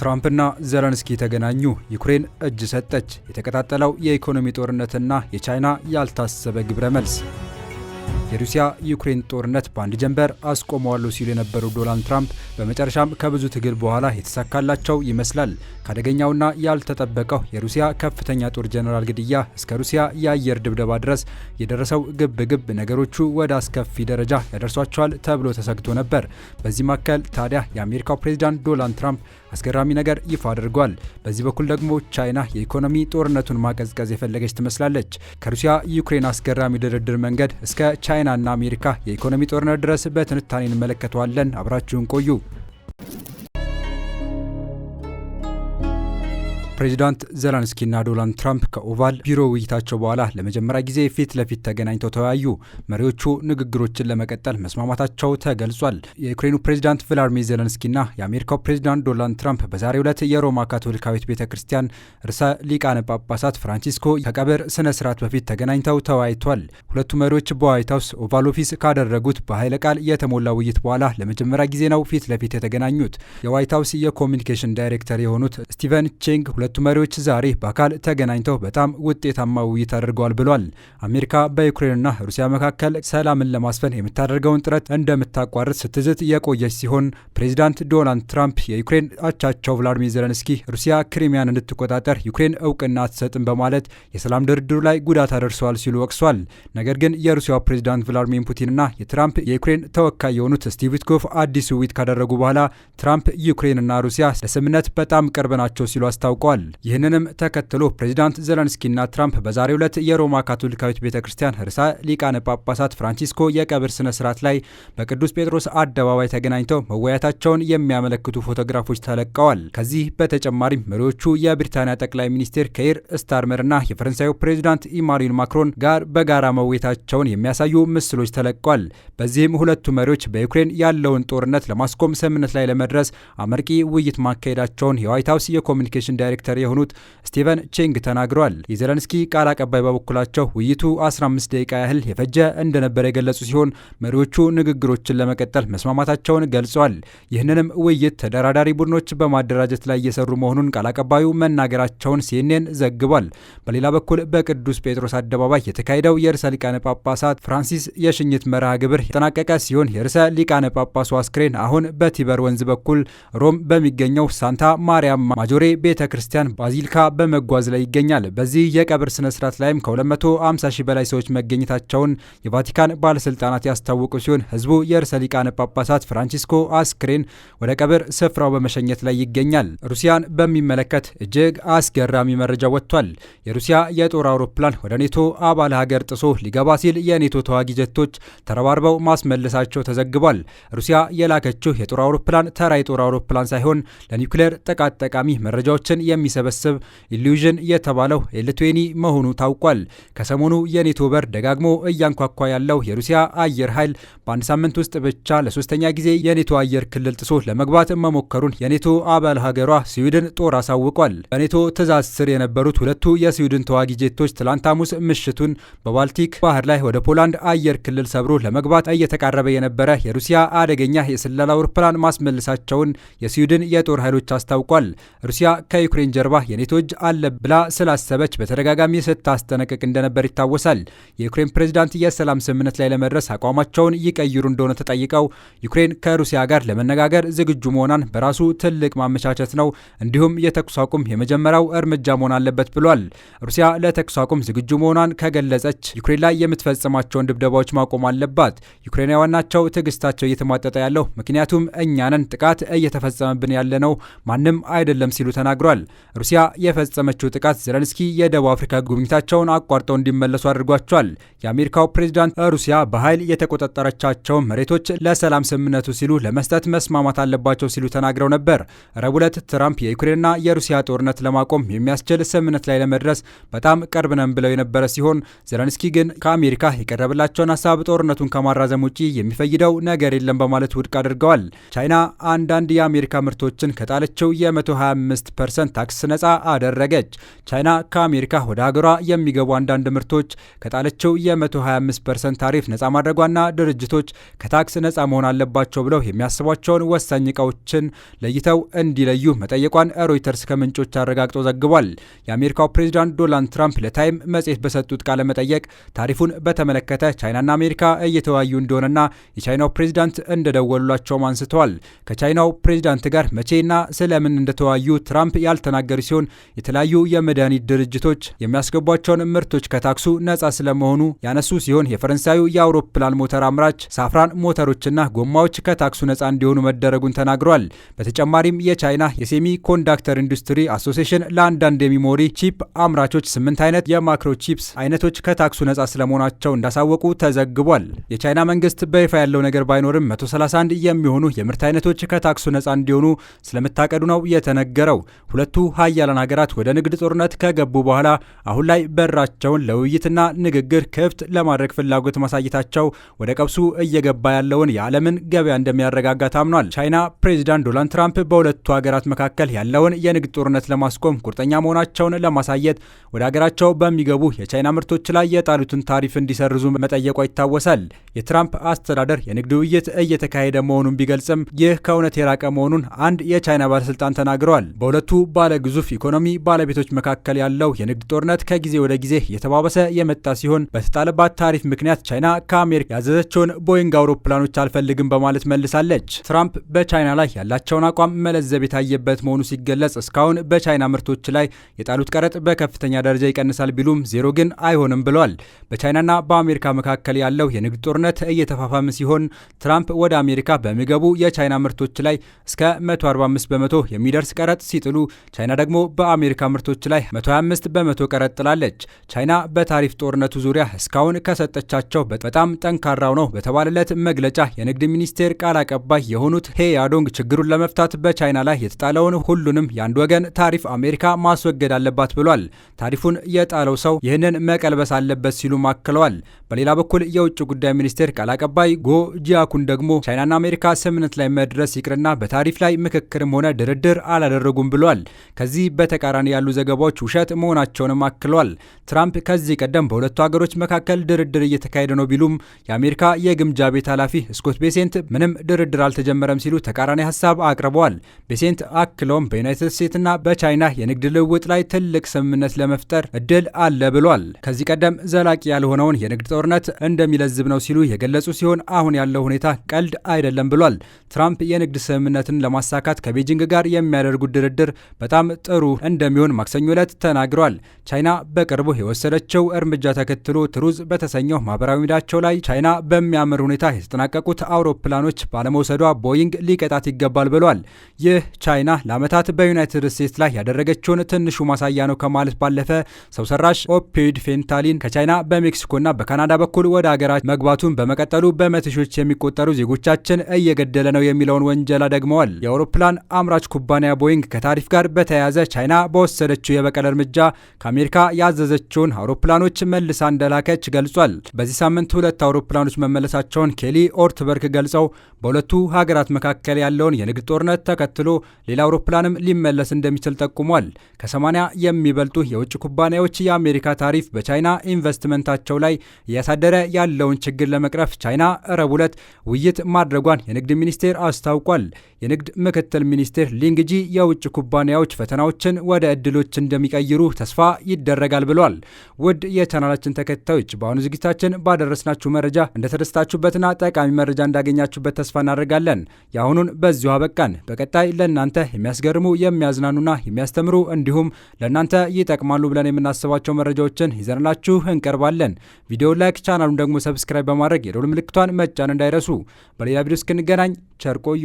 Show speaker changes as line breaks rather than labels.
ትራምፕና ዘለንስኪ ተገናኙ። ዩክሬን እጅ ሰጠች። የተቀጣጠለው የኢኮኖሚ ጦርነትና የቻይና ያልታሰበ ግብረ መልስ የሩሲያ ዩክሬን ጦርነት በአንድ ጀንበር አስቆመዋለሁ ሲሉ የነበሩ ዶናልድ ትራምፕ በመጨረሻም ከብዙ ትግል በኋላ የተሳካላቸው ይመስላል። ከአደገኛውና ያልተጠበቀው የሩሲያ ከፍተኛ ጦር ጀኔራል ግድያ እስከ ሩሲያ የአየር ድብደባ ድረስ የደረሰው ግብ ግብ ነገሮቹ ወደ አስከፊ ደረጃ ያደርሷቸዋል ተብሎ ተሰግቶ ነበር። በዚህ መካከል ታዲያ የአሜሪካው ፕሬዚዳንት ዶናልድ ትራምፕ አስገራሚ ነገር ይፋ አድርጓል። በዚህ በኩል ደግሞ ቻይና የኢኮኖሚ ጦርነቱን ማቀዝቀዝ የፈለገች ትመስላለች። ከሩሲያ ዩክሬን አስገራሚ ድርድር መንገድ እስከ ቻይና ቻይናና አሜሪካ የኢኮኖሚ ጦርነት ድረስ በትንታኔ እንመለከተዋለን። አብራችሁን ቆዩ። ፕሬዚዳንት ዘለንስኪና ዶናልድ ትራምፕ ከኦቫል ቢሮ ውይይታቸው በኋላ ለመጀመሪያ ጊዜ ፊት ለፊት ተገናኝተው ተወያዩ። መሪዎቹ ንግግሮችን ለመቀጠል መስማማታቸው ተገልጿል። የዩክሬኑ ፕሬዚዳንት ቭላድሚር ዜለንስኪና የአሜሪካው ፕሬዚዳንት ዶናልድ ትራምፕ በዛሬው ዕለት የሮማ ካቶሊካዊት ቤተ ክርስቲያን ርዕሰ ሊቃነ ጳጳሳት ፍራንቺስኮ ከቀብር ስነ ስርዓት በፊት ተገናኝተው ተወያይቷል። ሁለቱ መሪዎች በዋይት ሀውስ ኦቫል ኦፊስ ካደረጉት በኃይለ ቃል የተሞላ ውይይት በኋላ ለመጀመሪያ ጊዜ ነው ፊት ለፊት የተገናኙት። የዋይት ሀውስ የኮሚኒኬሽን ዳይሬክተር የሆኑት ስቲቨን ቼንግ ሁለቱ መሪዎች ዛሬ በአካል ተገናኝተው በጣም ውጤታማ ውይይት አድርገዋል ብሏል። አሜሪካ በዩክሬንና ሩሲያ መካከል ሰላምን ለማስፈን የምታደርገውን ጥረት እንደምታቋርጥ ስትዝት የቆየች ሲሆን ፕሬዚዳንት ዶናልድ ትራምፕ የዩክሬን አቻቸው ቭላድሚር ዘለንስኪ ሩሲያ ክሪሚያን እንድትቆጣጠር ዩክሬን እውቅና አትሰጥም በማለት የሰላም ድርድሩ ላይ ጉዳት አደርሰዋል ሲሉ ወቅሷል። ነገር ግን የሩሲያው ፕሬዚዳንት ቭላድሚር ፑቲንና የትራምፕ የዩክሬን ተወካይ የሆኑት ስቲቭ ዊትኮፍ አዲስ ውይይት ካደረጉ በኋላ ትራምፕ ዩክሬንና ሩሲያ ለስምምነት በጣም ቅርብ ናቸው ሲሉ አስታውቀዋል። አድርገዋል። ይህንንም ተከትሎ ፕሬዚዳንት ዘለንስኪና ትራምፕ በዛሬው ዕለት የሮማ ካቶሊካዊት ቤተ ክርስቲያን ርዕሰ ሊቃነ ጳጳሳት ፍራንቺስኮ የቀብር ስነ ስርዓት ላይ በቅዱስ ጴጥሮስ አደባባይ ተገናኝተው መወያየታቸውን የሚያመለክቱ ፎቶግራፎች ተለቀዋል። ከዚህ በተጨማሪም መሪዎቹ የብሪታንያ ጠቅላይ ሚኒስትር ኬይር ስታርመርና የፈረንሳዩ ፕሬዚዳንት ኢማኑኤል ማክሮን ጋር በጋራ መወየታቸውን የሚያሳዩ ምስሎች ተለቀዋል። በዚህም ሁለቱ መሪዎች በዩክሬን ያለውን ጦርነት ለማስቆም ስምምነት ላይ ለመድረስ አመርቂ ውይይት ማካሄዳቸውን የዋይት ሀውስ የኮሚኒኬሽን ዳይሬክተር ዳይሬክተር የሆኑት ስቲቨን ቼንግ ተናግረዋል። የዘለንስኪ ቃል አቀባይ በበኩላቸው ውይይቱ 15 ደቂቃ ያህል የፈጀ እንደነበረ የገለጹ ሲሆን መሪዎቹ ንግግሮችን ለመቀጠል መስማማታቸውን ገልጸዋል። ይህንንም ውይይት ተደራዳሪ ቡድኖች በማደራጀት ላይ እየሰሩ መሆኑን ቃል አቀባዩ መናገራቸውን ሲኤንኤን ዘግቧል። በሌላ በኩል በቅዱስ ጴጥሮስ አደባባይ የተካሄደው የርዕሰ ሊቃነ ጳጳሳት ፍራንሲስ የሽኝት መርሃ ግብር የተጠናቀቀ ሲሆን የርዕሰ ሊቃነ ጳጳሱ አስክሬን አሁን በቲበር ወንዝ በኩል ሮም በሚገኘው ሳንታ ማርያም ማጆሬ ቤተ ክርስቲያን ክርስቲያን ባዚልካ በመጓዝ ላይ ይገኛል። በዚህ የቀብር ስነ ስርዓት ላይም ከ250 ሺህ በላይ ሰዎች መገኘታቸውን የቫቲካን ባለስልጣናት ያስታወቁ ሲሆን ህዝቡ የርዕሰ ሊቃነ ጳጳሳት ፍራንቺስኮ አስክሬን ወደ ቀብር ስፍራው በመሸኘት ላይ ይገኛል። ሩሲያን በሚመለከት እጅግ አስገራሚ መረጃ ወጥቷል። የሩሲያ የጦር አውሮፕላን ወደ ኔቶ አባል ሀገር ጥሶ ሊገባ ሲል የኔቶ ተዋጊ ጀቶች ተረባርበው ማስመለሳቸው ተዘግቧል። ሩሲያ የላከችው የጦር አውሮፕላን ተራ የጦር አውሮፕላን ሳይሆን ለኒውክሌር ጥቃት ጠቃሚ መረጃዎችን የሚ የሚሰበስብ ኢሉዥን የተባለው የሊትዌኒ መሆኑ ታውቋል። ከሰሞኑ የኔቶ በር ደጋግሞ እያንኳኳ ያለው የሩሲያ አየር ኃይል በአንድ ሳምንት ውስጥ ብቻ ለሶስተኛ ጊዜ የኔቶ አየር ክልል ጥሶ ለመግባት መሞከሩን የኔቶ አባል ሀገሯ ስዊድን ጦር አሳውቋል። በኔቶ ትዕዛዝ ስር የነበሩት ሁለቱ የስዊድን ተዋጊ ጄቶች ትላንት ሐሙስ ምሽቱን በባልቲክ ባህር ላይ ወደ ፖላንድ አየር ክልል ሰብሮ ለመግባት እየተቃረበ የነበረ የሩሲያ አደገኛ የስለላ አውሮፕላን ማስመልሳቸውን የስዊድን የጦር ኃይሎች አስታውቋል። ሩሲያ ከዩክሬን ጀርባ የኔቶ እጅ አለ ብላ ስላሰበች በተደጋጋሚ ስታስጠነቅቅ እንደነበር ይታወሳል። የዩክሬን ፕሬዚዳንት የሰላም ስምምነት ላይ ለመድረስ አቋማቸውን ይቀይሩ እንደሆነ ተጠይቀው ዩክሬን ከሩሲያ ጋር ለመነጋገር ዝግጁ መሆኗን በራሱ ትልቅ ማመቻቸት ነው፣ እንዲሁም የተኩስ አቁም የመጀመሪያው እርምጃ መሆን አለበት ብሏል። ሩሲያ ለተኩስ አቁም ዝግጁ መሆኗን ከገለጸች ዩክሬን ላይ የምትፈጽማቸውን ድብደባዎች ማቆም አለባት። ዩክሬናውያን ናቸው ትዕግስታቸው እየተሟጠጠ ያለው ምክንያቱም እኛንን ጥቃት እየተፈጸመብን ያለ ነው ማንም አይደለም ሲሉ ተናግሯል። ሩሲያ የፈጸመችው ጥቃት ዘለንስኪ የደቡብ አፍሪካ ጉብኝታቸውን አቋርጠው እንዲመለሱ አድርጓቸዋል። የአሜሪካው ፕሬዚዳንት ሩሲያ በኃይል የተቆጣጠረቻቸው መሬቶች ለሰላም ስምምነቱ ሲሉ ለመስጠት መስማማት አለባቸው ሲሉ ተናግረው ነበር። ረቡዕ ዕለት ትራምፕ የዩክሬንና የሩሲያ ጦርነት ለማቆም የሚያስችል ስምምነት ላይ ለመድረስ በጣም ቅርብ ነን ብለው የነበረ ሲሆን ዘለንስኪ ግን ከአሜሪካ የቀረበላቸውን ሀሳብ ጦርነቱን ከማራዘም ውጪ የሚፈይደው ነገር የለም በማለት ውድቅ አድርገዋል። ቻይና አንዳንድ የአሜሪካ ምርቶችን ከጣለችው የ125 ፐርሰንት ታክስ ነፃ አደረገች። ቻይና ከአሜሪካ ወደ ሀገሯ የሚገቡ አንዳንድ ምርቶች ከጣለችው የ125 ፐርሰንት ታሪፍ ነፃ ማድረጓና ድርጅቶች ከታክስ ነፃ መሆን አለባቸው ብለው የሚያስቧቸውን ወሳኝ እቃዎችን ለይተው እንዲለዩ መጠየቋን ሮይተርስ ከምንጮች አረጋግጦ ዘግቧል። የአሜሪካው ፕሬዚዳንት ዶናልድ ትራምፕ ለታይም መጽሔት በሰጡት ቃለ መጠየቅ ታሪፉን በተመለከተ ቻይናና አሜሪካ እየተወያዩ እንደሆነና የቻይናው ፕሬዚዳንት እንደደወሉላቸውም አንስተዋል። ከቻይናው ፕሬዚዳንት ጋር መቼና ስለምን እንደተወያዩ ትራምፕ ያልተና የተናገሩ ሲሆን የተለያዩ የመድኃኒት ድርጅቶች የሚያስገቧቸውን ምርቶች ከታክሱ ነጻ ስለመሆኑ ያነሱ ሲሆን የፈረንሳዩ የአውሮፕላን ሞተር አምራች ሳፍራን ሞተሮችና ጎማዎች ከታክሱ ነጻ እንዲሆኑ መደረጉን ተናግሯል። በተጨማሪም የቻይና የሴሚ ኮንዳክተር ኢንዱስትሪ አሶሲሽን ለአንዳንድ የሚሞሪ ቺፕ አምራቾች ስምንት አይነት የማክሮ ቺፕስ አይነቶች ከታክሱ ነጻ ስለመሆናቸው እንዳሳወቁ ተዘግቧል። የቻይና መንግስት በይፋ ያለው ነገር ባይኖርም 131 የሚሆኑ የምርት አይነቶች ከታክሱ ነጻ እንዲሆኑ ስለመታቀዱ ነው የተነገረው። ሁለቱ ሀያላን ሀገራት ወደ ንግድ ጦርነት ከገቡ በኋላ አሁን ላይ በራቸውን ለውይይትና ንግግር ክፍት ለማድረግ ፍላጎት ማሳየታቸው ወደ ቀብሱ እየገባ ያለውን የዓለምን ገበያ እንደሚያረጋጋ ታምኗል። ቻይና ፕሬዚዳንት ዶናልድ ትራምፕ በሁለቱ ሀገራት መካከል ያለውን የንግድ ጦርነት ለማስቆም ቁርጠኛ መሆናቸውን ለማሳየት ወደ ሀገራቸው በሚገቡ የቻይና ምርቶች ላይ የጣሉትን ታሪፍ እንዲሰርዙ መጠየቋ ይታወሳል። የትራምፕ አስተዳደር የንግድ ውይይት እየተካሄደ መሆኑን ቢገልጽም ይህ ከእውነት የራቀ መሆኑን አንድ የቻይና ባለስልጣን ተናግረዋል። በሁለቱ ባለ ግዙፍ ኢኮኖሚ ባለቤቶች መካከል ያለው የንግድ ጦርነት ከጊዜ ወደ ጊዜ እየተባበሰ የመጣ ሲሆን በተጣለባት ታሪፍ ምክንያት ቻይና ከአሜሪካ ያዘዘችውን ቦይንግ አውሮፕላኖች አልፈልግም በማለት መልሳለች። ትራምፕ በቻይና ላይ ያላቸውን አቋም መለዘብ የታየበት መሆኑ ሲገለጽ እስካሁን በቻይና ምርቶች ላይ የጣሉት ቀረጥ በከፍተኛ ደረጃ ይቀንሳል ቢሉም ዜሮ ግን አይሆንም ብለዋል። በቻይናና በአሜሪካ መካከል ያለው የንግድ ጦርነት እየተፋፋመ ሲሆን ትራምፕ ወደ አሜሪካ በሚገቡ የቻይና ምርቶች ላይ እስከ 145 በመቶ የሚደርስ ቀረጥ ሲጥሉ ቻይና ደግሞ በአሜሪካ ምርቶች ላይ 125 በመቶ ቀረጥ ጥላለች። ቻይና በታሪፍ ጦርነቱ ዙሪያ እስካሁን ከሰጠቻቸው በጣም ጠንካራው ነው በተባለለት መግለጫ የንግድ ሚኒስቴር ቃል አቀባይ የሆኑት ሄ ያዶንግ ችግሩን ለመፍታት በቻይና ላይ የተጣለውን ሁሉንም የአንድ ወገን ታሪፍ አሜሪካ ማስወገድ አለባት ብሏል። ታሪፉን የጣለው ሰው ይህንን መቀልበስ አለበት ሲሉ ማክለዋል። በሌላ በኩል የውጭ ጉዳይ ሚኒስቴር ቃል አቀባይ ጎ ጂያኩን ደግሞ ቻይናና አሜሪካ ስምምነት ላይ መድረስ ይቅርና በታሪፍ ላይ ምክክርም ሆነ ድርድር አላደረጉም ብሏል። ከዚህ በተቃራኒ ያሉ ዘገባዎች ውሸት መሆናቸውንም አክሏል። ትራምፕ ከዚህ ቀደም በሁለቱ ሀገሮች መካከል ድርድር እየተካሄደ ነው ቢሉም የአሜሪካ የግምጃ ቤት ኃላፊ ስኮት ቤሴንት ምንም ድርድር አልተጀመረም ሲሉ ተቃራኒ ሀሳብ አቅርበዋል። ቤሴንት አክለውም በዩናይትድ ስቴትስና በቻይና የንግድ ልውውጥ ላይ ትልቅ ስምምነት ለመፍጠር እድል አለ ብሏል። ከዚህ ቀደም ዘላቂ ያልሆነውን የንግድ ጦርነት እንደሚለዝብ ነው ሲሉ የገለጹ ሲሆን አሁን ያለው ሁኔታ ቀልድ አይደለም ብሏል። ትራምፕ የንግድ ስምምነትን ለማሳካት ከቤጂንግ ጋር የሚያደርጉት ድርድር በጣም በጣም ጥሩ እንደሚሆን ማክሰኞ ዕለት ተናግሯል። ቻይና በቅርቡ የወሰደችው እርምጃ ተከትሎ ትሩዝ በተሰኘው ማህበራዊ ሚዲያቸው ላይ ቻይና በሚያምር ሁኔታ የተጠናቀቁት አውሮፕላኖች ባለመውሰዷ ቦይንግ ሊቀጣት ይገባል ብሏል። ይህ ቻይና ለዓመታት በዩናይትድ ስቴትስ ላይ ያደረገችውን ትንሹ ማሳያ ነው ከማለት ባለፈ ሰው ሰራሽ ኦፒድ ፌንታሊን ከቻይና በሜክሲኮና በካናዳ በኩል ወደ ሀገራት መግባቱን በመቀጠሉ በመቶ ሺዎች የሚቆጠሩ ዜጎቻችን እየገደለ ነው የሚለውን ወንጀላ ደግመዋል። የአውሮፕላን አምራች ኩባንያ ቦይንግ ከታሪፍ ጋር በተያ በተያያዘ ቻይና በወሰደችው የበቀል እርምጃ ከአሜሪካ ያዘዘችውን አውሮፕላኖች መልሳ እንደላከች ገልጿል። በዚህ ሳምንት ሁለት አውሮፕላኖች መመለሳቸውን ኬሊ ኦርትበርግ ገልጸው በሁለቱ ሀገራት መካከል ያለውን የንግድ ጦርነት ተከትሎ ሌላ አውሮፕላንም ሊመለስ እንደሚችል ጠቁሟል። ከ80 የሚበልጡ የውጭ ኩባንያዎች የአሜሪካ ታሪፍ በቻይና ኢንቨስትመንታቸው ላይ እያሳደረ ያለውን ችግር ለመቅረፍ ቻይና ረቡዕ ዕለት ውይይት ማድረጓን የንግድ ሚኒስቴር አስታውቋል። የንግድ ምክትል ሚኒስቴር ሊንግጂ የውጭ ኩባንያዎች ፈተናዎችን ወደ እድሎች እንደሚቀይሩ ተስፋ ይደረጋል ብሏል። ውድ የቻናላችን ተከታዮች በአሁኑ ዝግጅታችን ባደረስናችሁ መረጃ እንደተደስታችሁበትና ጠቃሚ መረጃ እንዳገኛችሁበት ተስፋ እናደርጋለን። የአሁኑን በዚሁ አበቃን። በቀጣይ ለእናንተ የሚያስገርሙ የሚያዝናኑና የሚያስተምሩ እንዲሁም ለእናንተ ይጠቅማሉ ብለን የምናስባቸው መረጃዎችን ይዘንላችሁ እንቀርባለን። ቪዲዮ ላይክ፣ ቻናሉን ደግሞ ሰብስክራይብ በማድረግ የደውል ምልክቷን መጫን እንዳይረሱ። በሌላ ቪዲዮ እስክንገናኝ ቸር ቆዩ።